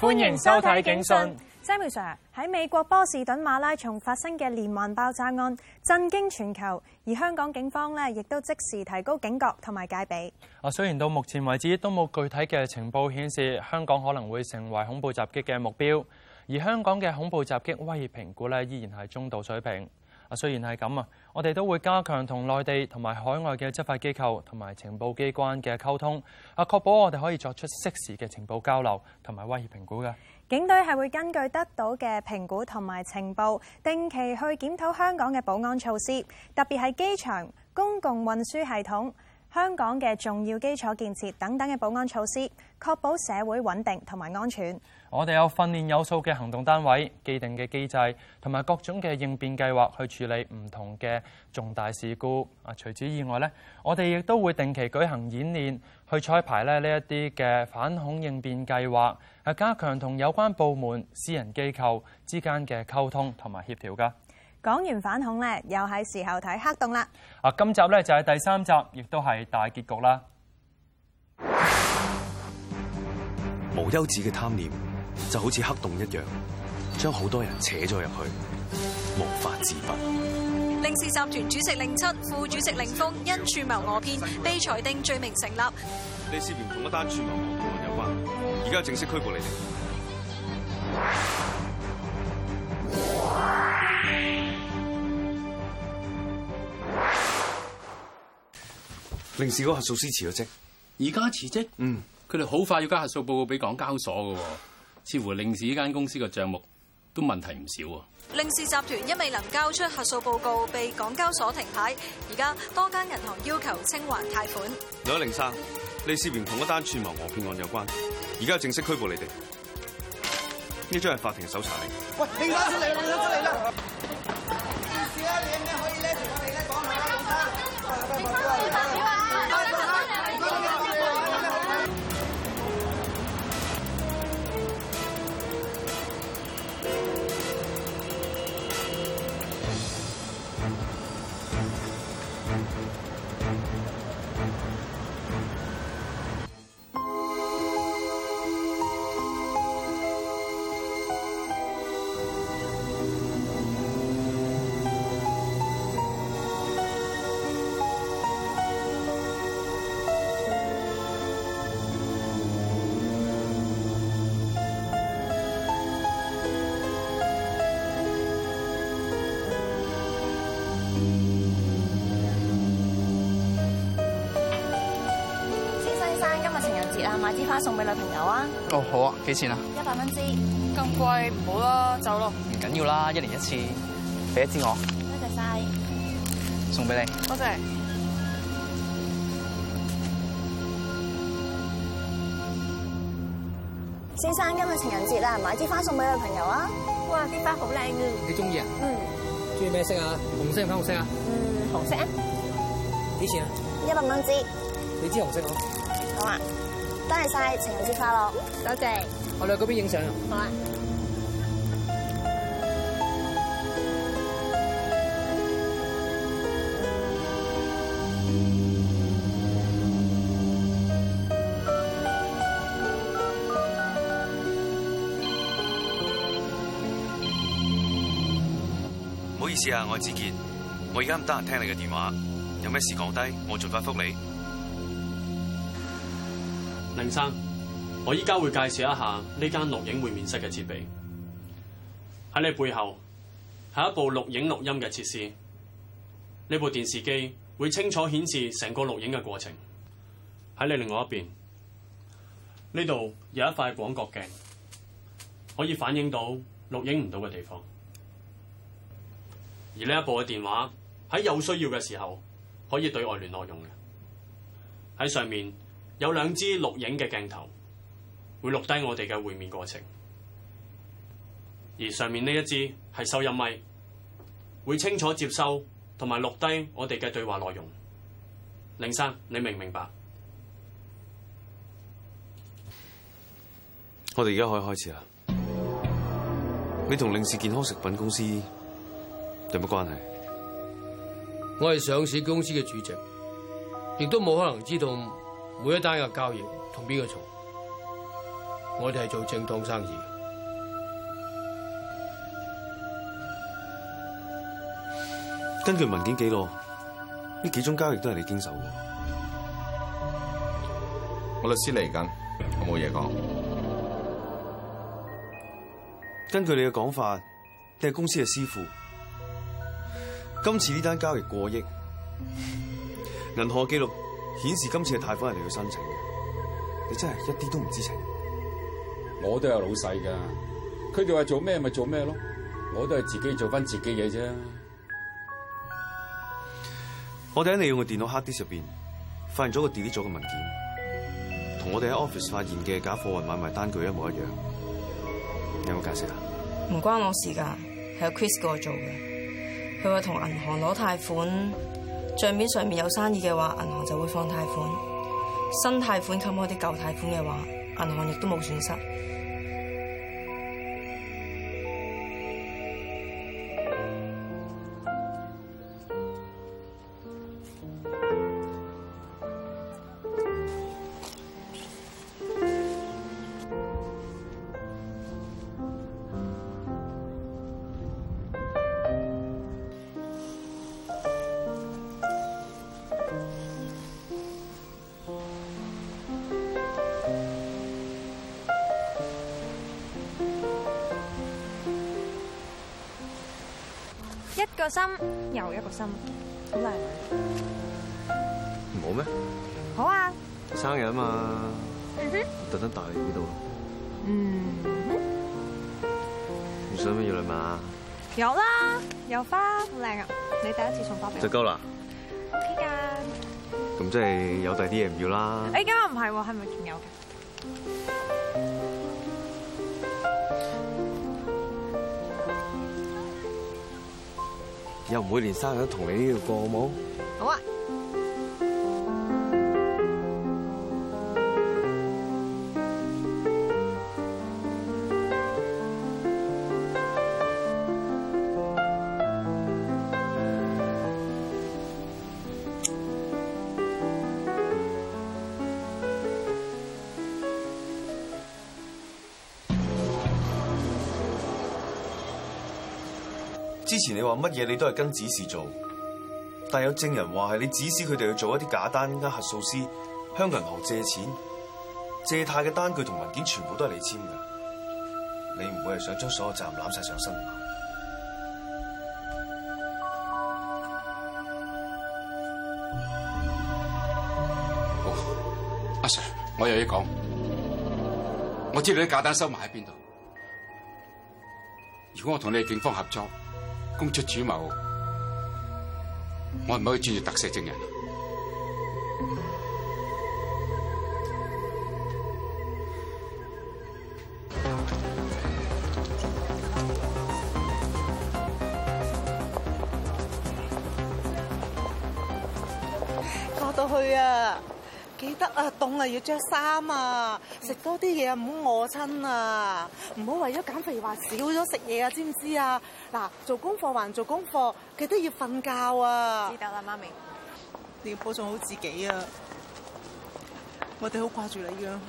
歡迎收睇警訊。喺美國波士頓馬拉松發生嘅連環爆炸案震驚全球，而香港警方呢亦都即時提高警覺同埋戒備。啊，雖然到目前為止都冇具體嘅情報顯示香港可能會成為恐怖襲擊嘅目標，而香港嘅恐怖襲擊威脅評估呢依然係中度水平。啊，雖然係咁啊，我哋都會加強同內地同埋海外嘅執法機構同埋情報機關嘅溝通，啊，確保我哋可以作出適時嘅情報交流同埋威脅評估嘅。警隊係會根據得到嘅評估同埋情報，定期去檢討香港嘅保安措施，特別係機場、公共運輸系統，香港嘅重要基礎建設等等嘅保安措施，確保社會穩定同埋安全。我哋有訓練有素嘅行動單位、既定嘅機制同埋各種嘅應變計劃去處理唔同嘅重大事故。啊，除此以外咧，我哋亦都會定期舉行演練，去彩排咧呢一啲嘅反恐應變計劃，係加強同有關部門、私人機構之間嘅溝通同埋協調噶。講完反恐咧，又係時候睇黑洞啦。啊，今集咧就係第三集，亦都係大結局啦。無休止嘅貪念就好似黑洞一樣，將好多人扯咗入去，無法自拔。令氏集團主席令七、副主席令峰，因串謀訛騙被裁定罪名成立。你涉嫌同一單串謀訛騙有關，而家正式拘捕你哋。凌氏嗰核數師辭咗職，而家辭職，嗯，佢哋好快要交核數報告俾港交所噶，似乎凌氏呢間公司嘅賬目都問題唔少。凌氏集團因未能交出核數報告，被港交所停牌，而家多間銀行要求清還貸款。兩位凌生，你涉嫌同一單串謀和騙案有關，而家正式拘捕你哋，呢張係法庭搜查令。喂，凌家出嚟，凌家出嚟啦！花送俾女朋友啊！哦，好啊，幾錢啊？一百蚊支，咁貴唔好啦，走咯。唔緊要啦，一年一次，俾一支我。多謝晒，送俾你。多謝。先生，今日情人節啦，買支花送俾女朋友啊！哇，啲花好靚啊！你中意啊？嗯。中意咩色啊？紅色定粉紅色啊？嗯，紅色啊。幾錢啊？一百蚊支。你支紅色好。好啊。多謝晒，情人節快樂！多謝，我哋去嗰邊影相。好啊。唔好意思啊，我係志傑，我而家唔得閒聽你嘅電話，有咩事講低，我盡快覆你。林生，我依家會介紹一下呢間錄影會面室嘅設備。喺你背後，係一部錄影錄音嘅設施，呢部電視機會清楚顯示成個錄影嘅過程。喺你另外一邊，呢度有一塊廣角鏡，可以反映到錄影唔到嘅地方。而呢一部嘅電話，喺有需要嘅時候，可以對外聯絡用嘅。喺上面。有兩支錄影嘅鏡頭會錄低我哋嘅會面過程，而上面呢一支係收音咪，會清楚接收同埋錄低我哋嘅對話內容。凌生，你明唔明白？我哋而家可以開始啦。你同凌氏健康食品公司有乜關係？我係上市公司嘅主席，亦都冇可能知道。每一單嘅交易同邊個做？我哋係做正當生意。根據文件記錄，呢幾宗交易都係你經手嘅。我律師嚟緊，我冇嘢講。根據你嘅講法，你係公司嘅師傅。今次呢單交易過億，銀行嘅記錄。顯示今次嘅貸款係你要申請嘅，你真係一啲都唔知情。我都係老細噶，佢哋話做咩咪做咩咯，我都係自己做翻自己嘢啫。我哋喺你用嘅電腦 hard disk 入邊，發現咗個 delete 咗嘅文件，同我哋喺 office 發現嘅假貨運買賣單據一模一樣。你有冇解釋啊？唔關我事噶，係 Chris 叫我做嘅，佢話同銀行攞貸款。賬面上面有生意嘅話，銀行就會放貸款。新貸款吸我啲舊貸款嘅話，銀行亦都冇損失。我一個心，好靚唔好難買。冇咩？好啊。生日嘛。哼、mm。特登帶嚟呢度。嗯哼、mm。唔想乜嘢嚟嘛？Hmm. 不不有啦，有花，好靚啊！你第一次送花俾我，就夠啦。O K 噶。咁即係有第啲嘢唔要啦。依家唔係喎，係咪仲有？又唔會連生日都同你呢度過好冇？好，好，好啊。之前你話乜嘢你都係跟指示做，但有證人話係你指示佢哋要做一啲假單，呃、核數師香港銀行借錢、借貸嘅單據同文件全部都係你簽嘅，你唔會係想將所有責任攬晒上身嘛？阿 Sir，我有嘢講，我知道啲假單收埋喺邊度，如果我同你哋警方合作，供出主謀，我唔可以轉做特赦證人。啊凍啊要着衫啊！食多啲嘢，唔好餓親啊！唔好、啊、為咗減肥話少咗食嘢啊，知唔知啊？嗱、啊，做功課還做功課，記得要瞓覺啊！知道啦，媽咪，你要保重好自己啊！我哋好掛住你噶。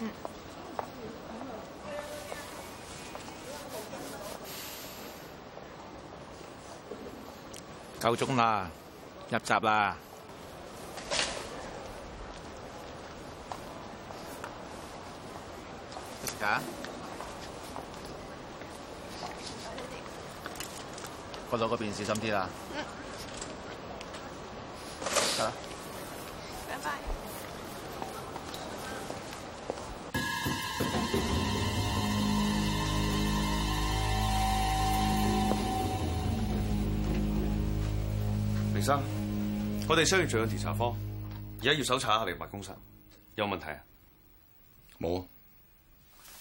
嗯，夠鐘啦，入閘啦。啊！角落邊小心啲啦。拜拜。明生，我哋商業罪案調查科，而家要搜查下你辦公室，有問題啊？冇啊。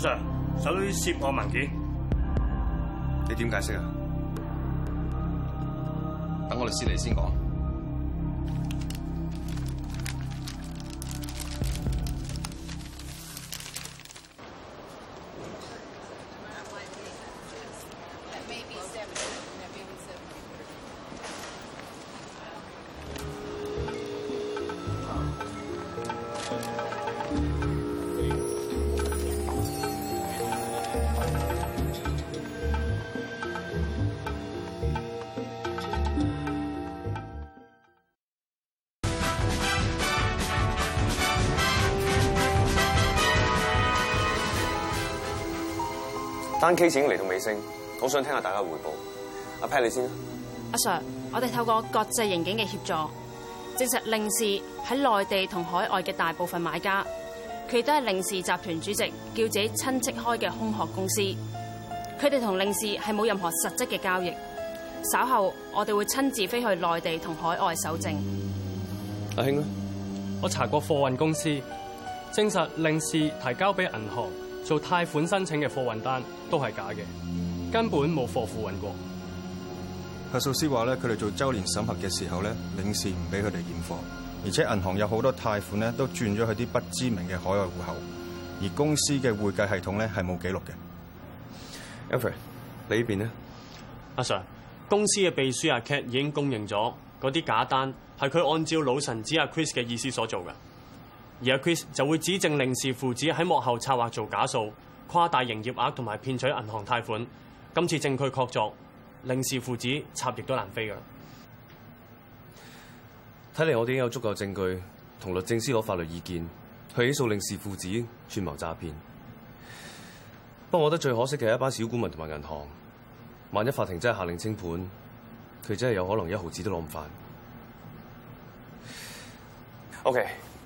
Sir，手裏涉案文件，你點解釋啊？等我律師嚟先講。K 錢已經嚟到尾聲，我想聽下大家匯報。阿 Pat 你先啦。阿 Sir，我哋透過國際刑警嘅協助，證實令氏喺內地同海外嘅大部分買家，佢哋都係令氏集團主席叫自己親戚開嘅空殼公司。佢哋同令氏係冇任何實質嘅交易。稍後我哋會親自飛去內地同海外搜證。阿兄咧，我查過貨運公司，證實令氏提交俾銀行，做貸款申請嘅貨運單都係假嘅，根本冇貨付運過。核數師話咧，佢哋做周年審核嘅時候咧，領事唔俾佢哋驗貨，而且銀行有好多貸款咧都轉咗去啲不知名嘅海外戶口，而公司嘅會計系統咧係冇記錄嘅。e v e 你邊呢邊咧？阿 Sir，公司嘅秘書阿 Cat 已經供認咗嗰啲假單係佢按照老臣子阿 Chris 嘅意思所做噶。而阿 Chris 就會指證令氏父子喺幕後策劃做假數、誇大營業額同埋騙取銀行貸款。今次證據確鑿，令氏父子插翼都難飛噶。睇嚟我哋已經有足夠證據同律政司攞法律意見去起訴令氏父子串謀詐騙。不過我覺得最可惜嘅係一班小股民同埋銀行。萬一法庭真係下令清盤，佢真係有可能一毫子都攞唔返。OK。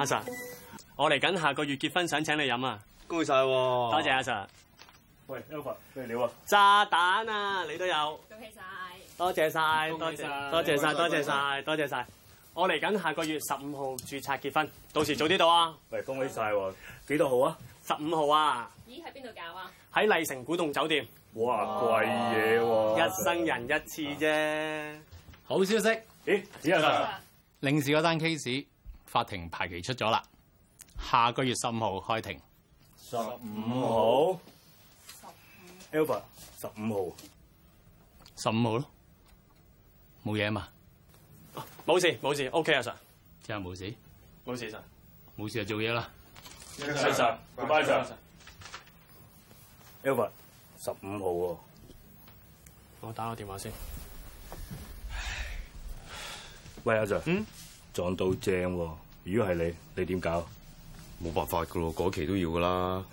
阿 Sir，我嚟緊下個月結婚，想請你飲啊！恭喜晒，多謝阿 Sir。喂，Elva，咩料啊？炸彈啊，你都有。恭喜晒，多謝晒，多謝，多謝晒，多謝晒。我嚟緊下個月十五號注冊結婚，到時早啲到啊！喂，恭喜晒喎，幾多號啊？十五號啊！咦，喺邊度搞啊？喺麗城古洞酒店。哇，貴嘢喎！一生人一次啫。好消息。咦，點啊，Sir？凌氏嗰單 case。法庭排期出咗啦，下個月十五號開庭。十五號。Albert，十五號。十五號咯，冇嘢嘛？冇事冇事，OK，阿 Sir。真係冇事。冇事、OK，Sir。冇事就做嘢啦。阿 Sir，拜拜，阿 Sir。Albert，十五號喎。我打個電話先。喂，阿 Sir。嗯。講到正喎，如果係你，你點搞？冇辦法噶咯，過期都要噶啦。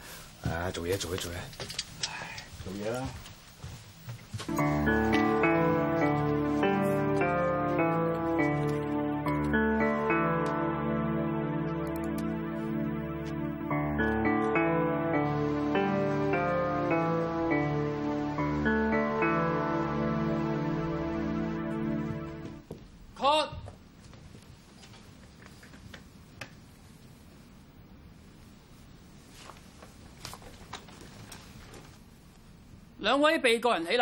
誒、啊，做嘢，做嘢，做嘢，唉，做嘢啦。兩位被告人起立。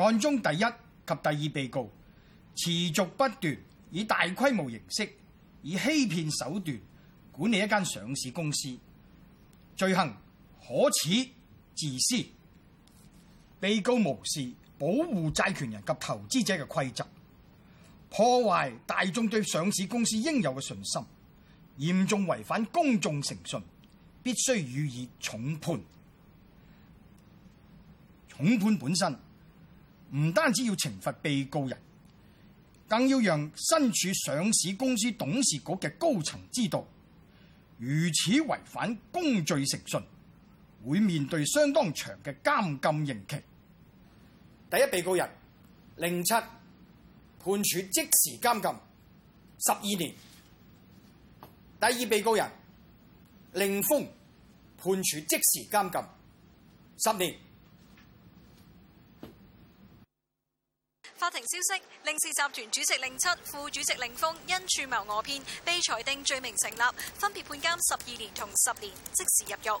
案中第一及第二被告持續不斷以大規模形式，以欺騙手段管理一間上市公司，罪行可恥自私。被告無視保護債權人及投資者嘅規則，破壞大眾對上市公司應有嘅信心，嚴重違反公眾誠信。必須予以重判。重判本身唔單止要懲罰被告人，更要讓身處上市公司董事局嘅高層知道，如此違反公序誠信，會面對相當長嘅監禁刑期。第一被告人零七判處即時監禁十二年。第二被告人。令峰判處即時監禁十年。法庭消息：令氏集團主席令七、副主席令峰因串謀訛騙，被裁定罪名成立，分別判監十二年同十年，即時入獄。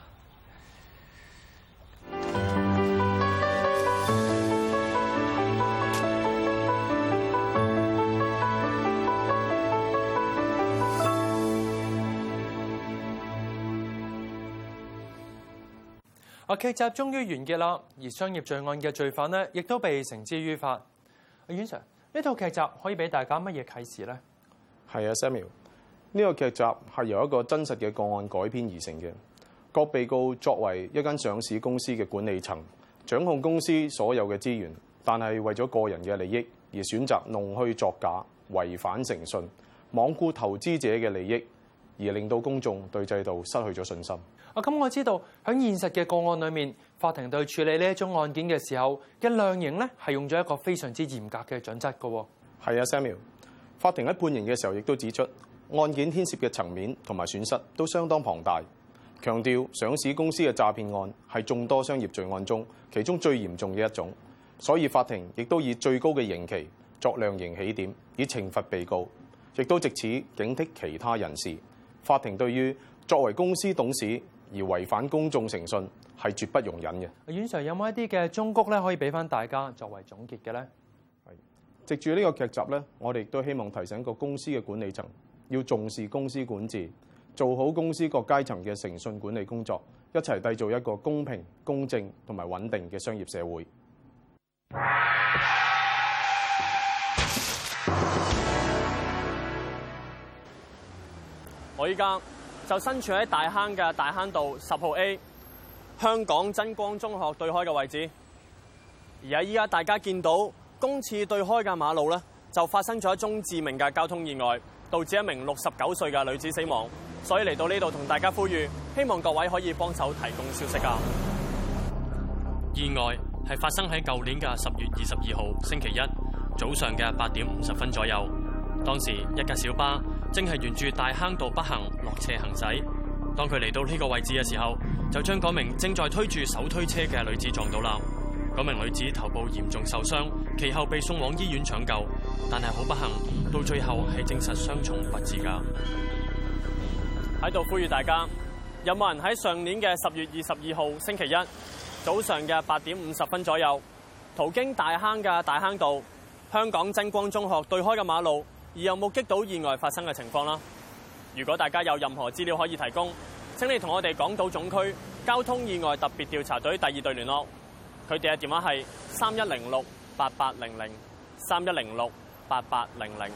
劇集終於完結啦，而商業罪案嘅罪犯呢，亦都被繩之於法。阿 Yuen Sir，呢套劇集可以俾大家乜嘢啟示呢？係啊，Samuel，呢個劇集係由一個真實嘅個案改編而成嘅。各被告作為一間上市公司嘅管理層，掌控公司所有嘅資源，但係為咗個人嘅利益而選擇弄虛作假、違反誠信、罔顧投資者嘅利益，而令到公眾對制度失去咗信心。啊！咁、嗯、我知道喺現實嘅個案裏面，法庭對處理呢一宗案件嘅時候嘅量刑呢係用咗一個非常之嚴格嘅準則嘅、哦。係啊，Samuel，法庭喺判刑嘅時候，亦都指出案件牽涉嘅層面同埋損失都相當龐大，強調上市公司嘅詐騙案係眾多商業罪案中其中最嚴重嘅一種，所以法庭亦都以最高嘅刑期作量刑起點，以懲罰被告，亦都藉此警惕其他人士。法庭對於作為公司董事，而違反公眾誠信係絕不容忍嘅。阿遠 Sir，有冇一啲嘅忠告咧，可以俾翻大家作為總結嘅呢？係。藉住呢個劇集咧，我哋都希望提醒個公司嘅管理層要重視公司管治，做好公司各階層嘅誠信管理工作，一齊締造一個公平、公正同埋穩定嘅商業社會。我依家。就身處喺大坑嘅大坑道十號 A，香港真光中學對開嘅位置。而喺依家大家見到公廁對開嘅馬路呢，就發生咗一宗致命嘅交通意外，導致一名六十九歲嘅女子死亡。所以嚟到呢度同大家呼籲，希望各位可以幫手提供消息啊！意外係發生喺舊年嘅十月二十二號星期一早上嘅八點五十分左右。當時一架小巴。正係沿住大坑道北行落斜行駛，當佢嚟到呢個位置嘅時候，就將嗰名正在推住手推車嘅女子撞到啦。嗰名女子頭部嚴重受傷，其後被送往醫院搶救，但係好不幸，到最後係證實傷重不治噶喺度呼籲大家，有冇人喺上年嘅十月二十二號星期一早上嘅八點五十分左右，途經大坑嘅大坑道，香港真光中學對開嘅馬路？而又目擊到意外發生嘅情況啦。如果大家有任何資料可以提供，請你同我哋港島總區交通意外特別調查隊第二隊聯絡，佢哋嘅電話係三一零六八八零零三一零六八八零零。800，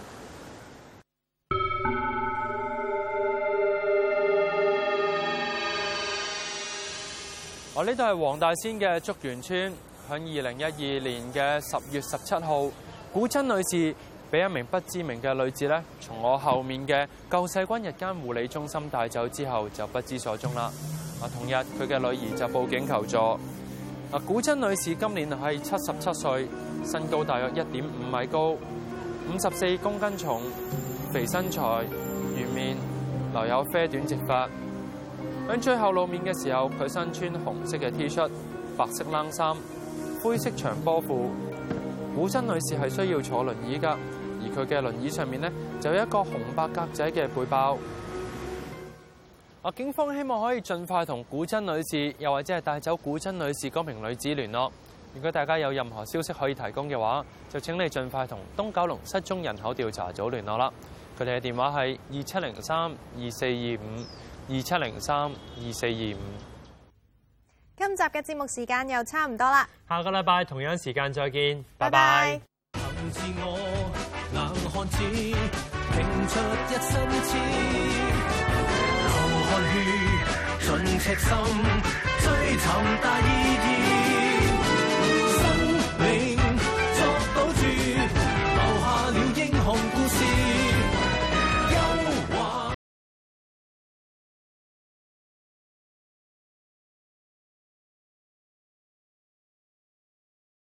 我呢度係黃大仙嘅竹園村，響二零一二年嘅十月十七號，古親女士。俾一名不知名嘅女子呢，從我後面嘅救世軍日間護理中心帶走之後，就不知所蹤啦。啊，同日佢嘅女兒就報警求助。啊，古珍女士今年係七十七歲，身高大約一點五米高，五十四公斤重，肥身材，圓面，留有啡短直髮。響最後露面嘅時候，佢身穿紅色嘅 T 恤、白色冷衫，衫、灰色長波褲。古珍女士係需要坐輪椅噶。佢嘅輪椅上面呢，就有一個紅白格仔嘅背包。啊，警方希望可以盡快同古珍女士，又或者係帶走古珍女士嗰名女子聯絡。如果大家有任何消息可以提供嘅話，就請你盡快同東九龍失蹤人口調查組聯絡啦。佢哋嘅電話係二七零三二四二五二七零三二四二五。25，今集嘅節目時間又差唔多啦，下個禮拜同樣時間再見，拜拜。拜拜。拼出一身刺，流汗血，盡赤心，追尋大義。